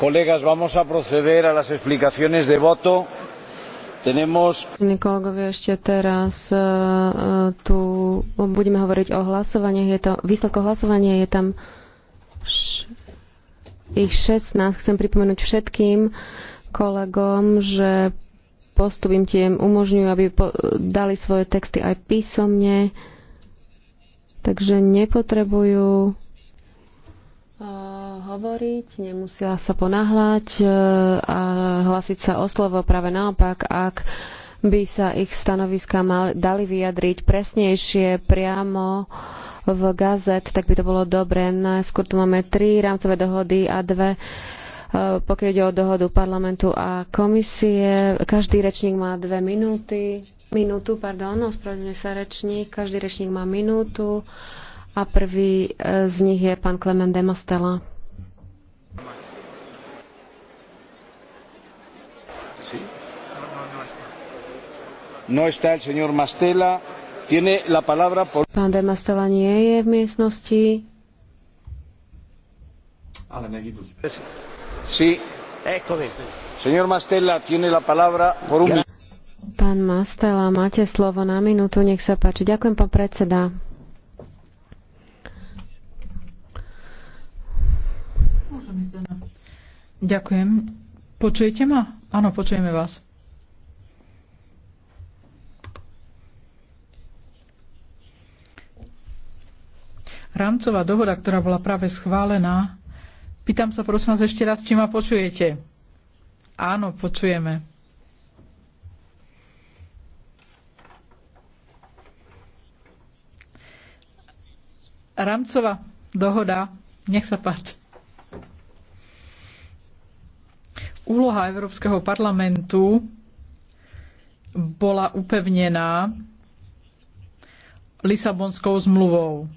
Kolegas, ah, vamos a proceder a las explicaciones de voto. Tenemos... Kolegovia, ešte teraz uh, tu budeme hovoriť o hlasovaní. Je to, výsledko hlasovania je tam š, ich 16. Chcem pripomenúť všetkým kolegom, že postup im tiem umožňujú, aby po, dali svoje texty aj písomne. Takže nepotrebujú uh, hovoriť, nemusia sa ponáhľať e, a hlasiť sa o slovo. Práve naopak, ak by sa ich stanoviska mal, dali vyjadriť presnejšie priamo v gazet, tak by to bolo dobre. Najskôr tu máme tri rámcové dohody a dve e, pokiaľ ide o dohodu parlamentu a komisie. Každý rečník má dve minúty. Minútu, pardon, ospravedlňuje sa rečník. Každý rečník má minútu a prvý e, z nich je pán Klement Demastela. No está el señor Mastela. Tiene la palabra por... Pán de Mastela nie je v miestnosti. Ale nevidú. Sí. Eccomi. Señor Mastella, tiene la palabra por un... Pán Mastela, máte slovo na minútu, nech sa páči. Ďakujem, pán predseda. Ďakujem. Počujete ma? Áno, počujeme vás. rámcová dohoda, ktorá bola práve schválená, pýtam sa prosím vás ešte raz, či ma počujete. Áno, počujeme. Rámcová dohoda, nech sa páči. Úloha Európskeho parlamentu bola upevnená Lisabonskou zmluvou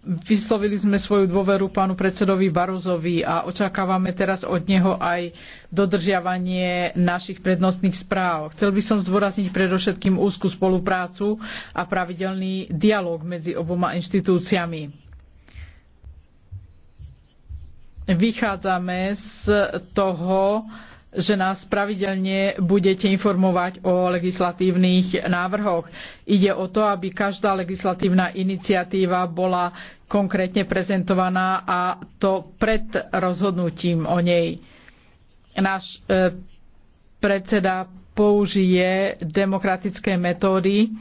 Vyslovili sme svoju dôveru pánu predsedovi Barozovi a očakávame teraz od neho aj dodržiavanie našich prednostných správ. Chcel by som zdôrazniť predovšetkým úzku spoluprácu a pravidelný dialog medzi oboma inštitúciami. Vychádzame z toho, že nás pravidelne budete informovať o legislatívnych návrhoch. Ide o to, aby každá legislatívna iniciatíva bola konkrétne prezentovaná a to pred rozhodnutím o nej. Náš e, predseda použije demokratické metódy,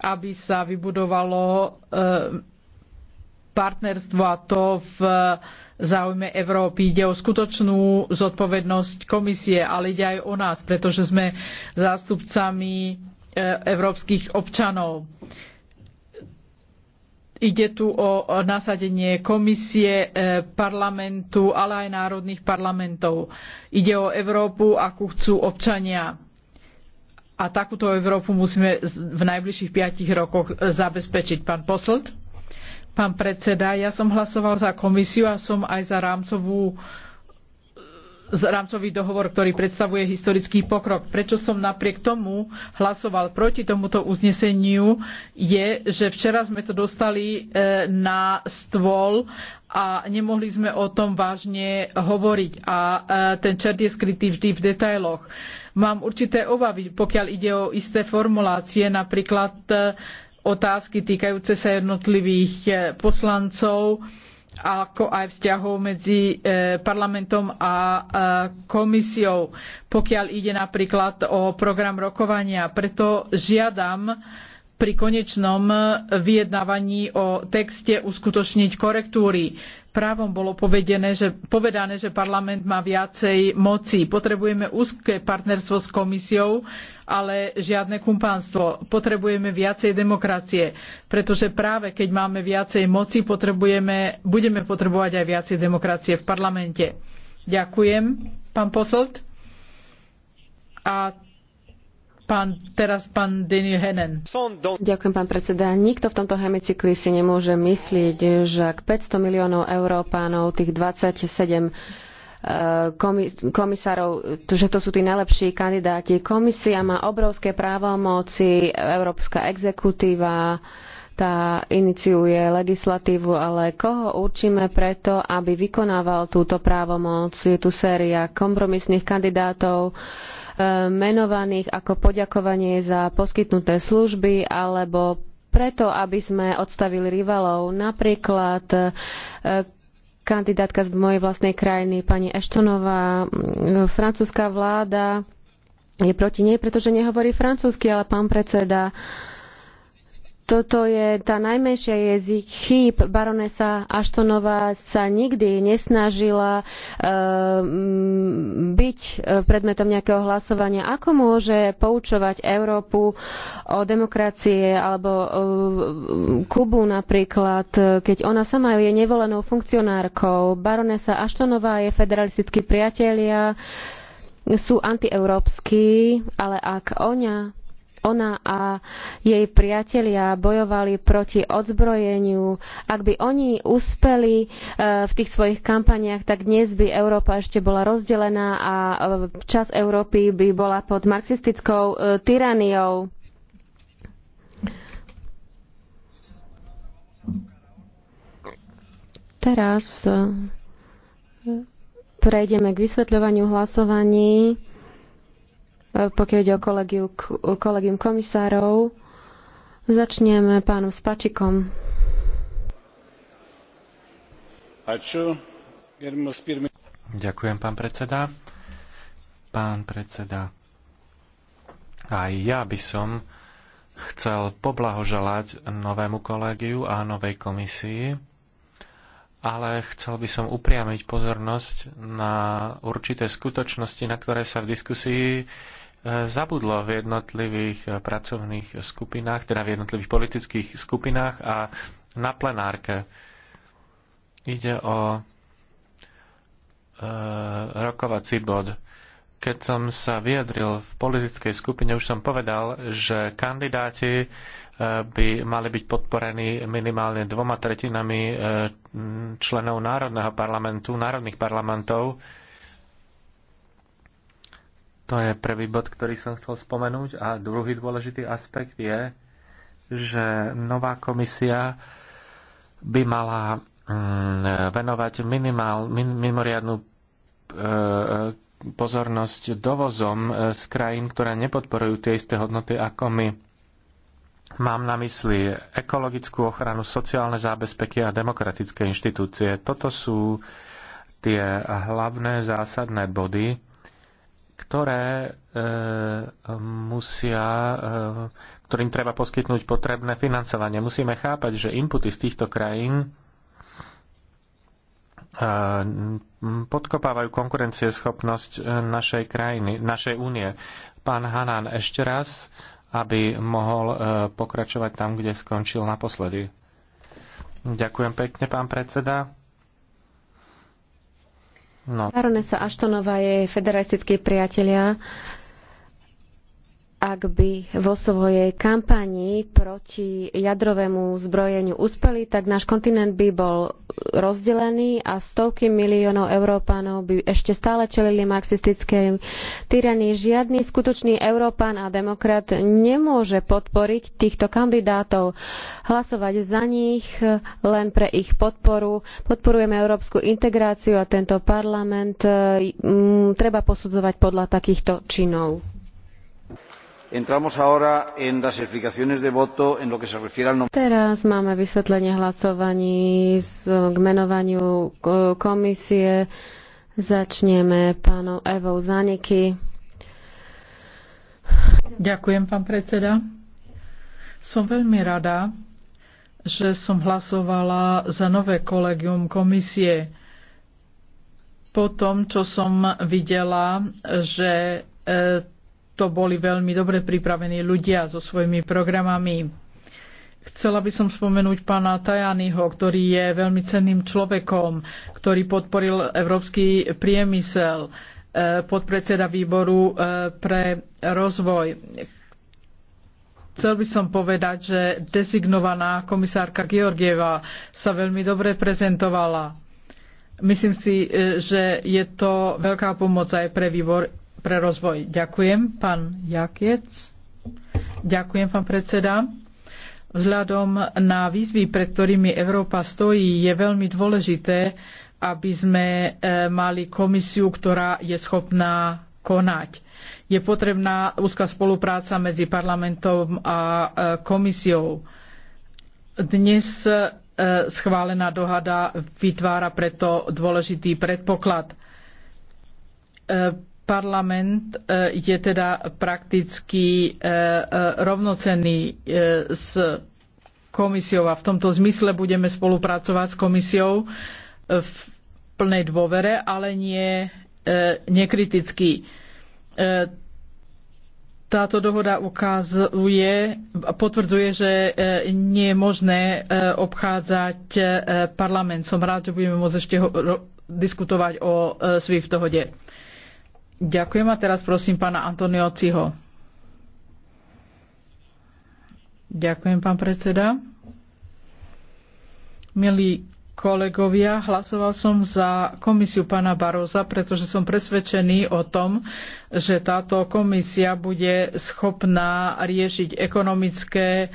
aby sa vybudovalo e, partnerstvo a to v záujme Európy. Ide o skutočnú zodpovednosť komisie, ale ide aj o nás, pretože sme zástupcami e, európskych občanov. Ide tu o nasadenie komisie, e, parlamentu, ale aj národných parlamentov. Ide o Európu, akú chcú občania. A takúto Európu musíme v najbližších piatich rokoch zabezpečiť. Pán Poslt? Pán predseda, ja som hlasoval za komisiu a som aj za rámcovú rámcový dohovor, ktorý predstavuje historický pokrok. Prečo som napriek tomu hlasoval proti tomuto uzneseniu, je, že včera sme to dostali e, na stôl a nemohli sme o tom vážne hovoriť. A e, ten čert je skrytý vždy v detailoch. Mám určité obavy, pokiaľ ide o isté formulácie, napríklad e, otázky týkajúce sa jednotlivých e, poslancov, ako aj vzťahov medzi e, parlamentom a e, komisiou, pokiaľ ide napríklad o program rokovania. Preto žiadam pri konečnom vyjednávaní o texte uskutočniť korektúry právom bolo povedené, že, povedané, že parlament má viacej moci. Potrebujeme úzke partnerstvo s komisiou, ale žiadne kumpánstvo. Potrebujeme viacej demokracie, pretože práve keď máme viacej moci, potrebujeme, budeme potrebovať aj viacej demokracie v parlamente. Ďakujem, pán Posolt. A Pán, teraz pán Daniel Ďakujem, pán predseda. Nikto v tomto hemicykli si nemôže myslieť, že ak 500 miliónov európánov, tých 27 e, komis komisárov, že to sú tí najlepší kandidáti. Komisia má obrovské právomoci, európska exekutíva, tá iniciuje legislatívu, ale koho určíme preto, aby vykonával túto právomoc? Je tu séria kompromisných kandidátov, E, menovaných ako poďakovanie za poskytnuté služby alebo preto, aby sme odstavili rivalov. Napríklad e, kandidátka z mojej vlastnej krajiny, pani Eštonová, francúzska vláda je proti nej, pretože nehovorí francúzsky, ale pán predseda uh, toto je tá najmenšia jazyk chýb. Baronesa Aštonová sa nikdy nesnažila eh, byť eh, predmetom nejakého hlasovania. Ako môže poučovať Európu o demokracie alebo eh, Kubu napríklad, keď ona sama je nevolenou funkcionárkou. Baronesa Aštonová je federalistickí priatelia, sú antieurópsky, ale ak ona ona a jej priatelia bojovali proti odzbrojeniu. Ak by oni uspeli e, v tých svojich kampaniach, tak dnes by Európa ešte bola rozdelená a e, čas Európy by bola pod marxistickou e, tyraniou. Teraz prejdeme k vysvetľovaniu hlasovaní pokiaľ ide o kolegiu, kolegium komisárov. Začneme pánom Spačikom. Ďakujem, pán predseda. Pán predseda, aj ja by som chcel poblahoželať novému kolegiu a novej komisii, ale chcel by som upriamiť pozornosť na určité skutočnosti, na ktoré sa v diskusii zabudlo v jednotlivých eh, pracovných skupinách, teda v jednotlivých politických skupinách a na plenárke. Ide o e, rokovací bod. Keď som sa vyjadril v politickej skupine, už som povedal, že kandidáti eh, by mali byť podporení minimálne dvoma tretinami členov Národného parlamentu, národných parlamentov, to je prvý bod, ktorý som chcel spomenúť. A druhý dôležitý aspekt je, že nová komisia by mala mm, venovať minimál, min, mimoriadnú e, pozornosť dovozom e, z krajín, ktoré nepodporujú tie isté hodnoty ako my. Mám na mysli ekologickú ochranu, sociálne zábezpeky a demokratické inštitúcie. Toto sú tie hlavné zásadné body, ktoré e, musia, e, ktorým treba poskytnúť potrebné financovanie. Musíme chápať, že inputy z týchto krajín e, podkopávajú konkurencieschopnosť e, našej krajiny, našej únie. Pán Hanan ešte raz, aby mohol e, pokračovať tam, kde skončil naposledy. Ďakujem pekne, pán predseda. No. Baronesa Aštonová je federalistickí priatelia ak by vo svojej kampani proti jadrovému zbrojeniu uspeli, tak náš kontinent by bol rozdelený a stovky miliónov Európanov by ešte stále čelili marxistickej tyranii. Žiadny skutočný Európan a demokrat nemôže podporiť týchto kandidátov, hlasovať za nich len pre ich podporu. Podporujeme európsku integráciu a tento parlament m, treba posudzovať podľa takýchto činov. Teraz máme vysvetlenie hlasovaní k menovaniu komisie. Začneme pánom Evou Zaniky. Ďakujem, pán predseda. Som veľmi rada, že som hlasovala za nové kolegium komisie. Po tom, čo som videla, že e, to boli veľmi dobre pripravení ľudia so svojimi programami. Chcela by som spomenúť pána Tajaniho, ktorý je veľmi cenným človekom, ktorý podporil európsky priemysel, eh, podpredseda výboru eh, pre rozvoj. Chcel by som povedať, že dezignovaná komisárka Georgieva sa veľmi dobre prezentovala. Myslím si, eh, že je to veľká pomoc aj pre výbor pre rozvoj. Ďakujem, pán Jakiec. Ďakujem, pán predseda. Vzhľadom na výzvy, pred ktorými Európa stojí, je veľmi dôležité, aby sme e, mali komisiu, ktorá je schopná konať. Je potrebná úzka spolupráca medzi parlamentom a e, komisiou. Dnes e, schválená dohada vytvára preto dôležitý predpoklad Parlament e, je teda prakticky e, e, rovnocenný s komisiou a v tomto zmysle budeme spolupracovať s komisiou v plnej dôvere, ale nie nekriticky. Táto dohoda ukazuje, potvrdzuje, že nie je možné obchádzať parlament. Som rád, že budeme môcť ešte diskutovať o SWIFT dohode. Ďakujem a teraz prosím pána Antonio Ciho. Ďakujem, pán predseda. Milí kolegovia, hlasoval som za komisiu pána Baroza, pretože som presvedčený o tom, že táto komisia bude schopná riešiť ekonomické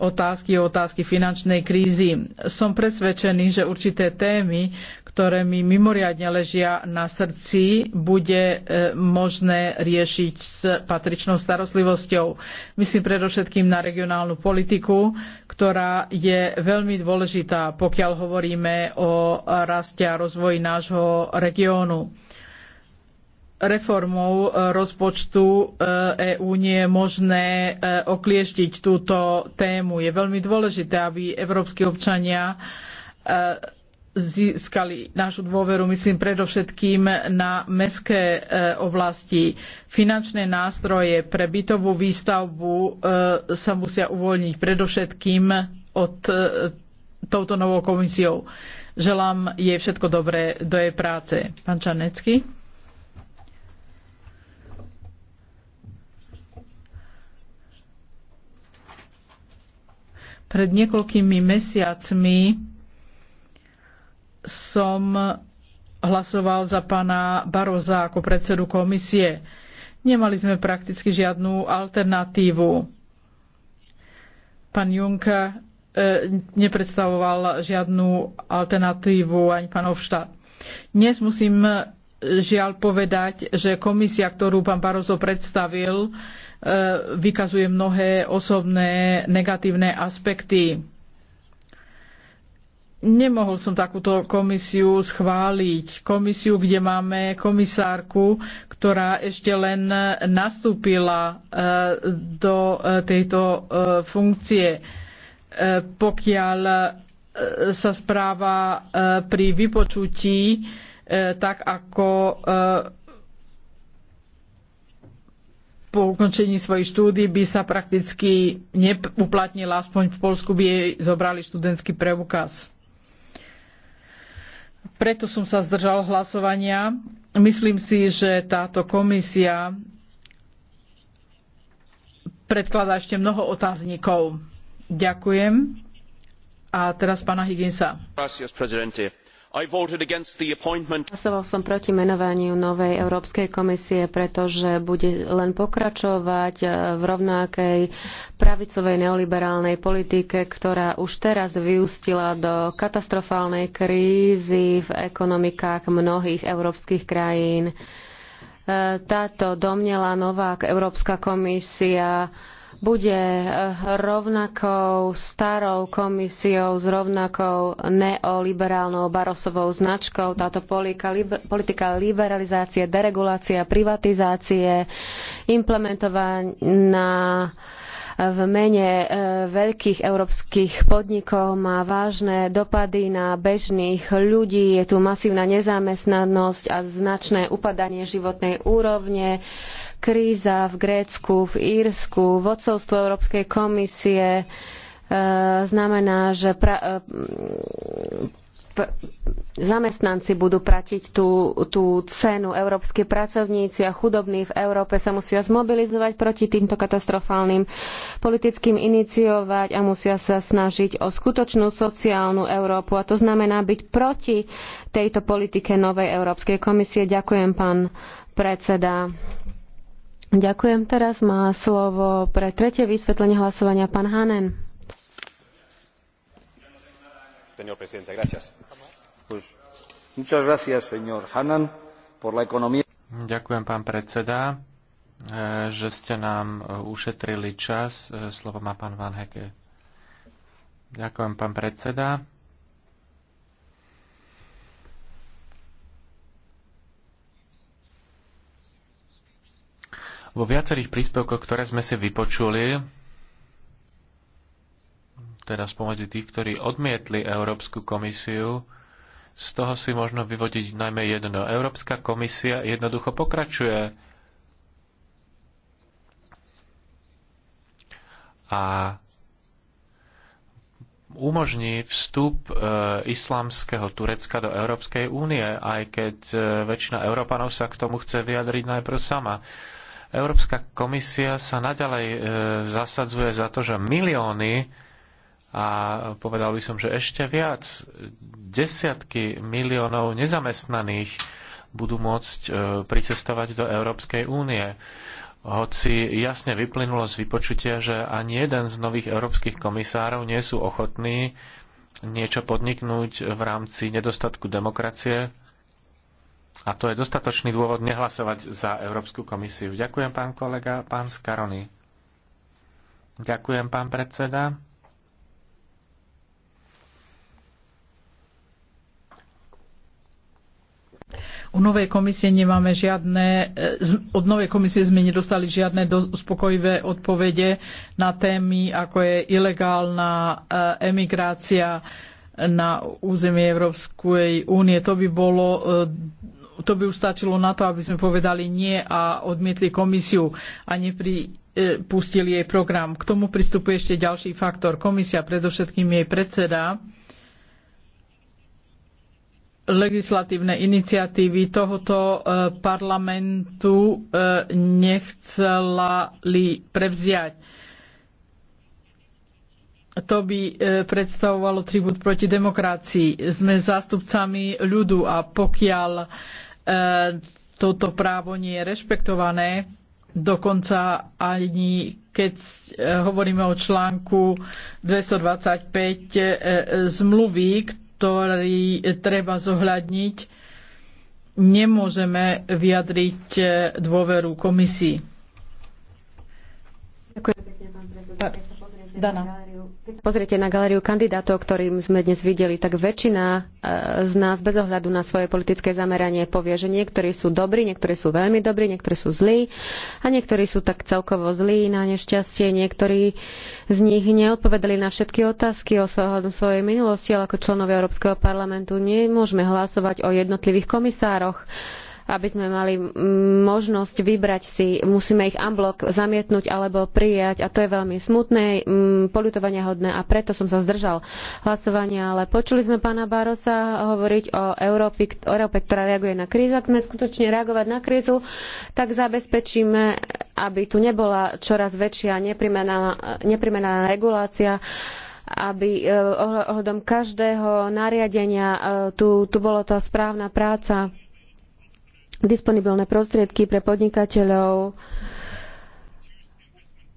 otázky, o otázky finančnej krízy. Som presvedčený, že určité témy, ktoré mi mimoriadne ležia na srdci, bude e, možné riešiť s patričnou starostlivosťou. Myslím predovšetkým na regionálnu politiku, ktorá je veľmi dôležitá, pokiaľ hovoríme o raste a rozvoji nášho regiónu reformou e, rozpočtu EÚ e nie je možné e, oklieštiť túto tému. Je veľmi dôležité, aby európski občania získali našu dôveru, myslím predovšetkým na mestské oblasti. Finančné nástroje pre bytovú výstavbu sa musia uvoľniť predovšetkým od touto novou komisiou. Želám jej všetko dobré do jej práce. Pán Čanecký. Pred niekoľkými mesiacmi som hlasoval za pána Baroza ako predsedu komisie. Nemali sme prakticky žiadnu alternatívu. Pán Juncker e, nepredstavoval žiadnu alternatívu ani pán Hofštát. Dnes musím žiaľ povedať, že komisia, ktorú pán Barozo predstavil, e, vykazuje mnohé osobné negatívne aspekty. Nemohol som takúto komisiu schváliť. Komisiu, kde máme komisárku, ktorá ešte len nastúpila e, do e, tejto funkcie. Pokiaľ sa správa pri vypočutí E, tak ako e, po ukončení svojich štúdií by sa prakticky neuplatnila, aspoň v Polsku by jej zobrali študentský preukaz. Preto som sa zdržal hlasovania. Myslím si, že táto komisia predkladá ešte mnoho otáznikov. Ďakujem. A teraz pána Higginsa. Gracias, Hlasoval som proti menovaniu novej Európskej komisie, pretože bude len pokračovať eh, v rovnakej pravicovej neoliberálnej politike, ktorá už teraz vyústila do katastrofálnej krízy v ekonomikách mnohých európskych krajín. Eh, táto domnelá nová Európska komisia bude eh, rovnakou starou komisiou s rovnakou neoliberálnou barosovou značkou. Táto politika liberalizácie, deregulácie a privatizácie implementovaná v mene eh, veľkých európskych podnikov má vážne dopady na bežných ľudí. Je tu masívna nezamestnanosť a značné upadanie životnej úrovne kríza v Grécku, v Írsku, vodcovstvo Európskej komisie e, znamená, že pra, e, zamestnanci budú pratiť tú, tú cenu. Európske pracovníci a chudobní v Európe sa musia zmobilizovať proti týmto katastrofálnym politickým iniciovať a musia sa snažiť o skutočnú sociálnu Európu. A to znamená byť proti tejto politike novej Európskej komisie. Ďakujem, pán predseda. Ďakujem. Teraz má slovo pre tretie vysvetlenie hlasovania pán Hanen. Señor presidente, gracias. Pues, muchas gracias, señor Hanan, por la economía. Ďakujem, pán predseda, eh, že ste nám eh, ušetrili čas. Eh, slovo má pán Van Heke. Ďakujem, pán predseda. Vo viacerých príspevkoch, ktoré sme si vypočuli, teda spomedzi tých, ktorí odmietli Európsku komisiu, z toho si možno vyvodiť najmä jedno. Európska komisia jednoducho pokračuje a umožní vstup e, islamského Turecka do Európskej únie, aj keď e, väčšina Európanov sa k tomu chce vyjadriť najprv sama. E, Európska komisia sa naďalej e, zasadzuje za to, že milióny a povedal by som, že ešte viac, desiatky miliónov nezamestnaných budú môcť e, pricestovať do Európskej únie. Hoci jasne vyplynulo z vypočutia, že ani jeden z nových európskych komisárov nie sú ochotní niečo podniknúť v rámci nedostatku demokracie a to je dostatočný dôvod nehlasovať za Európsku komisiu. Ďakujem, pán kolega, pán Skarony. Ďakujem, pán predseda. U novej komisie nemáme žiadne, e, od novej komisie sme nedostali žiadne uspokojivé odpovede na témy, ako je ilegálna e, emigrácia na územie Európskej únie. To by bolo e, to by už stačilo na to, aby sme povedali nie a odmietli komisiu a nepripustili e, jej program. K tomu pristupuje ešte ďalší faktor. Komisia, predovšetkým jej predseda, legislatívne iniciatívy tohoto e, parlamentu e, nechcela prevziať. To by predstavovalo tribut proti demokracii. Sme zástupcami ľudu a pokiaľ E, toto právo nie je rešpektované, dokonca ani keď e, hovoríme o článku 225 e, zmluvy, ktorý treba zohľadniť, nemôžeme vyjadriť dôveru komisii. Ďakujem pekne, pán prezident. Dana. Pozrite na galériu kandidátov, ktorým sme dnes videli, tak väčšina e, z nás bez ohľadu na svoje politické zameranie povie, že niektorí sú dobrí, niektorí sú veľmi dobrí, niektorí sú zlí a niektorí sú tak celkovo zlí na nešťastie. Niektorí z nich neodpovedali na všetky otázky o svojej minulosti, ale ako členovia Európskeho parlamentu nemôžeme hlasovať o jednotlivých komisároch aby sme mali možnosť vybrať si, musíme ich amblok zamietnúť alebo prijať a to je veľmi smutné, poľutovania hodné a preto som sa zdržal hlasovania, ale počuli sme pána Barosa hovoriť o Európe, Európe ktorá reaguje na krízu. Ak sme skutočne reagovať na krízu, tak zabezpečíme, aby tu nebola čoraz väčšia neprimeraná regulácia aby e, ohľadom každého nariadenia e, tu, tu bola tá správna práca disponibilné prostriedky pre podnikateľov,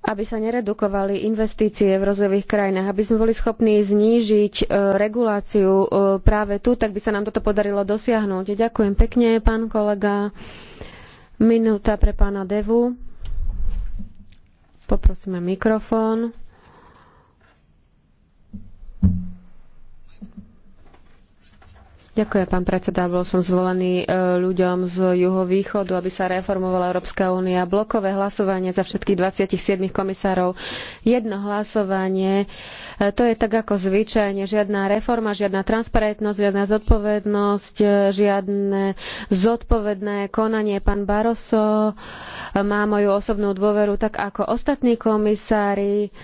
aby sa neredukovali investície v rozvojových krajinách, aby sme boli schopní znížiť e, reguláciu e, práve tu, tak by sa nám toto podarilo dosiahnuť. Ďakujem pekne, pán kolega. Minúta pre pána Devu. Poprosíme mikrofón. Ďakujem, pán predseda. Bol som zvolený e, ľuďom z juhovýchodu, aby sa reformovala Európska únia. Blokové hlasovanie za všetkých 27 komisárov. Jedno hlasovanie. E, to je tak ako zvyčajne. Žiadna reforma, žiadna transparentnosť, žiadna zodpovednosť, e, žiadne zodpovedné konanie. Pán Barroso má moju osobnú dôveru, tak ako ostatní komisári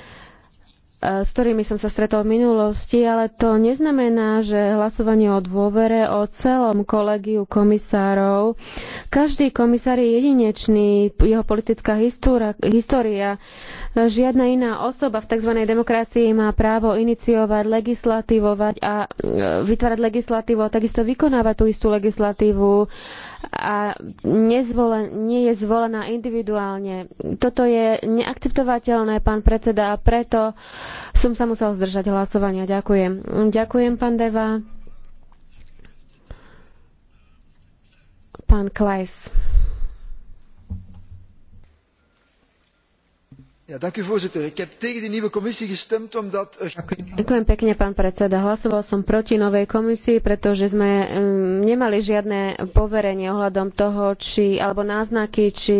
s ktorými som sa stretol v minulosti, ale to neznamená, že hlasovanie o dôvere o celom kolegiu komisárov. Každý komisár je jedinečný, jeho politická história, história. Žiadna iná osoba v tzv. demokracii má právo iniciovať, legislatívovať a e, vytvárať legislatívu a takisto vykonávať tú istú legislatívu a nezvolen, nie je zvolená individuálne. Toto je neakceptovateľné, pán predseda, a preto som sa musel zdržať hlasovania. Ďakujem. Ďakujem, pán Deva. Pán Klajs. Er- Ďakujem pekne, pán predseda. Hlasoval som proti novej komisii, pretože sme mm, nemali žiadne poverenie ohľadom toho, či, alebo náznaky, či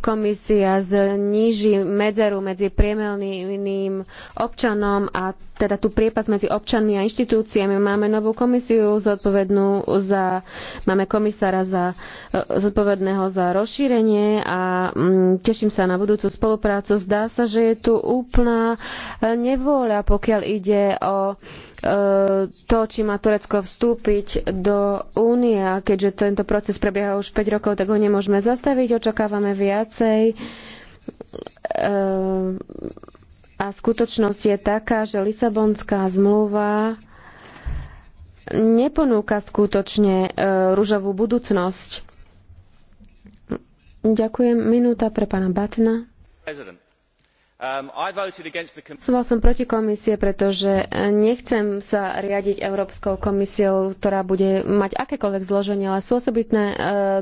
komisia zníži medzeru medzi priemelným občanom a teda tú priepas medzi občanmi a inštitúciami. Máme novú komisiu zodpovednú za, máme komisára za, e, zodpovedného za rozšírenie a mm, teším sa na budúcu spoluprácu s zdá sa, že je tu úplná e, nevôľa, pokiaľ ide o e, to, či má Turecko vstúpiť do únie a keďže tento proces prebieha už 5 rokov, tak ho nemôžeme zastaviť, očakávame viacej. E, a skutočnosť je taká, že Lisabonská zmluva neponúka skutočne rúžovú budúcnosť. Ďakujem. Minúta pre pána Batna. Um, Hlasoval som proti komisie, pretože eh, nechcem sa riadiť Európskou komisiou, ktorá bude mať akékoľvek zloženie, ale sú osobitné eh,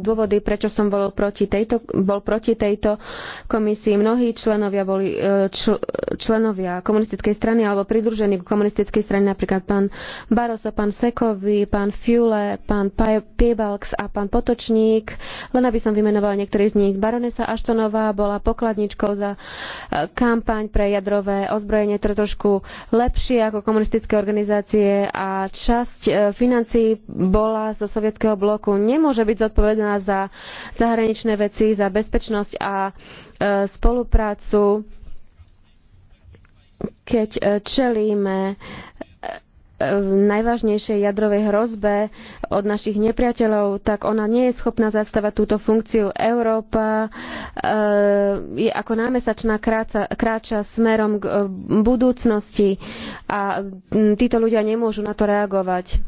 dôvody, prečo som bol proti tejto, bol proti tejto komisii. Mnohí členovia boli eh, čl, členovia komunistickej strany alebo pridružení k komunistickej strane, napríklad pán Barroso, pán Sekovi, pán Fiule, pán Piebalks a pán Potočník. Len aby som vymenoval niektorých z nich. Baronesa Aštonová bola pokladničkou za kampaň pre jadrové ozbrojenie, to je trošku lepšie ako komunistické organizácie a časť e, financií bola zo sovietskeho bloku. Nemôže byť zodpovedná za zahraničné veci, za bezpečnosť a e, spoluprácu keď e, čelíme najvážnejšej jadrovej hrozbe od našich nepriateľov, tak ona nie je schopná zastávať túto funkciu. Európa eh, je ako námesačná kráca, kráča smerom k eh, budúcnosti a hm, títo ľudia nemôžu na to reagovať.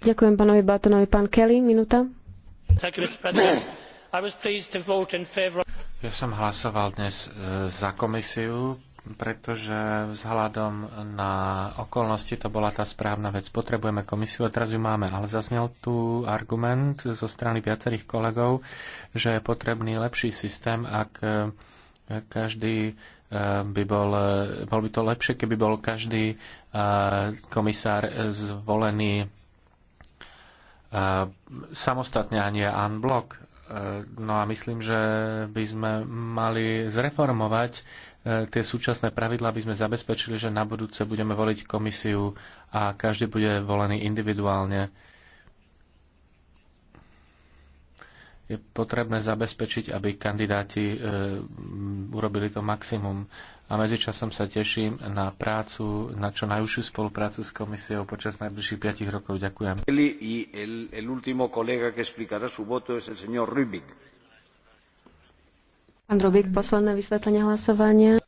Ďakujem pánovi Batonovi. Pán Kelly, minúta. Ja som hlasoval dnes eh, za komisiu, pretože vzhľadom na okolnosti to bola tá správna vec. Potrebujeme komisiu a teraz ju máme, ale zaznel tu argument zo strany viacerých kolegov, že je potrebný lepší systém, ak eh, každý eh, by bol, eh, bol by to lepšie, keby bol každý komisár zvolený samostatne a nie unblock. No a myslím, že by sme mali zreformovať E, tie súčasné pravidlá, aby sme zabezpečili, že na budúce budeme voliť komisiu a každý bude volený individuálne. je potrebné zabezpečiť, aby kandidáti e, urobili to maximum. A medzičasom sa teším na prácu, na čo najúžšiu spoluprácu s komisiou počas najbližších 5 rokov. Ďakujem. Pán Drobík, posledné vysvetlenie hlasovania.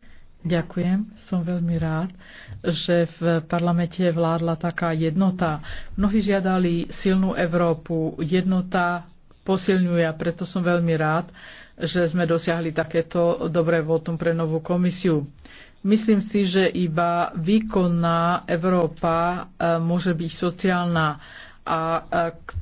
Ďakujem, som veľmi rád, že v parlamente vládla taká jednota. Mnohí žiadali silnú Európu, jednota posilňuje a preto som veľmi rád, že sme dosiahli takéto dobré votum pre novú komisiu. Myslím si, že iba výkonná Európa eh, môže byť sociálna a eh,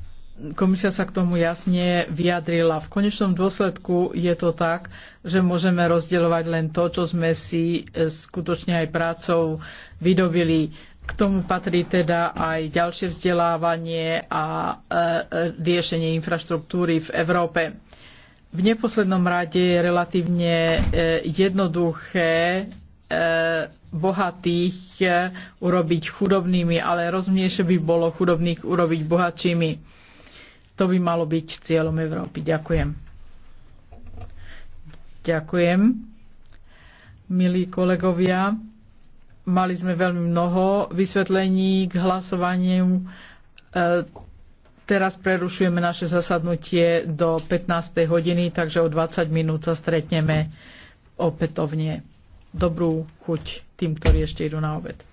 komisia sa k tomu jasne vyjadrila. V konečnom dôsledku je to tak, že môžeme rozdeľovať len to, čo sme si e, skutočne aj prácou vydobili. K tomu patrí teda aj ďalšie vzdelávanie a e, e, riešenie infraštruktúry v Európe. V neposlednom rade je relatívne jednoduché bohatých urobiť chudobnými, ale rozumnejšie by bolo chudobných urobiť bohatšími to by malo byť cieľom Európy. Ďakujem. Ďakujem. Milí kolegovia, mali sme veľmi mnoho vysvetlení k hlasovaniu. E, teraz prerušujeme naše zasadnutie do 15. hodiny, takže o 20 minút sa stretneme opätovne. Dobrú chuť tým, ktorí ešte idú na obed.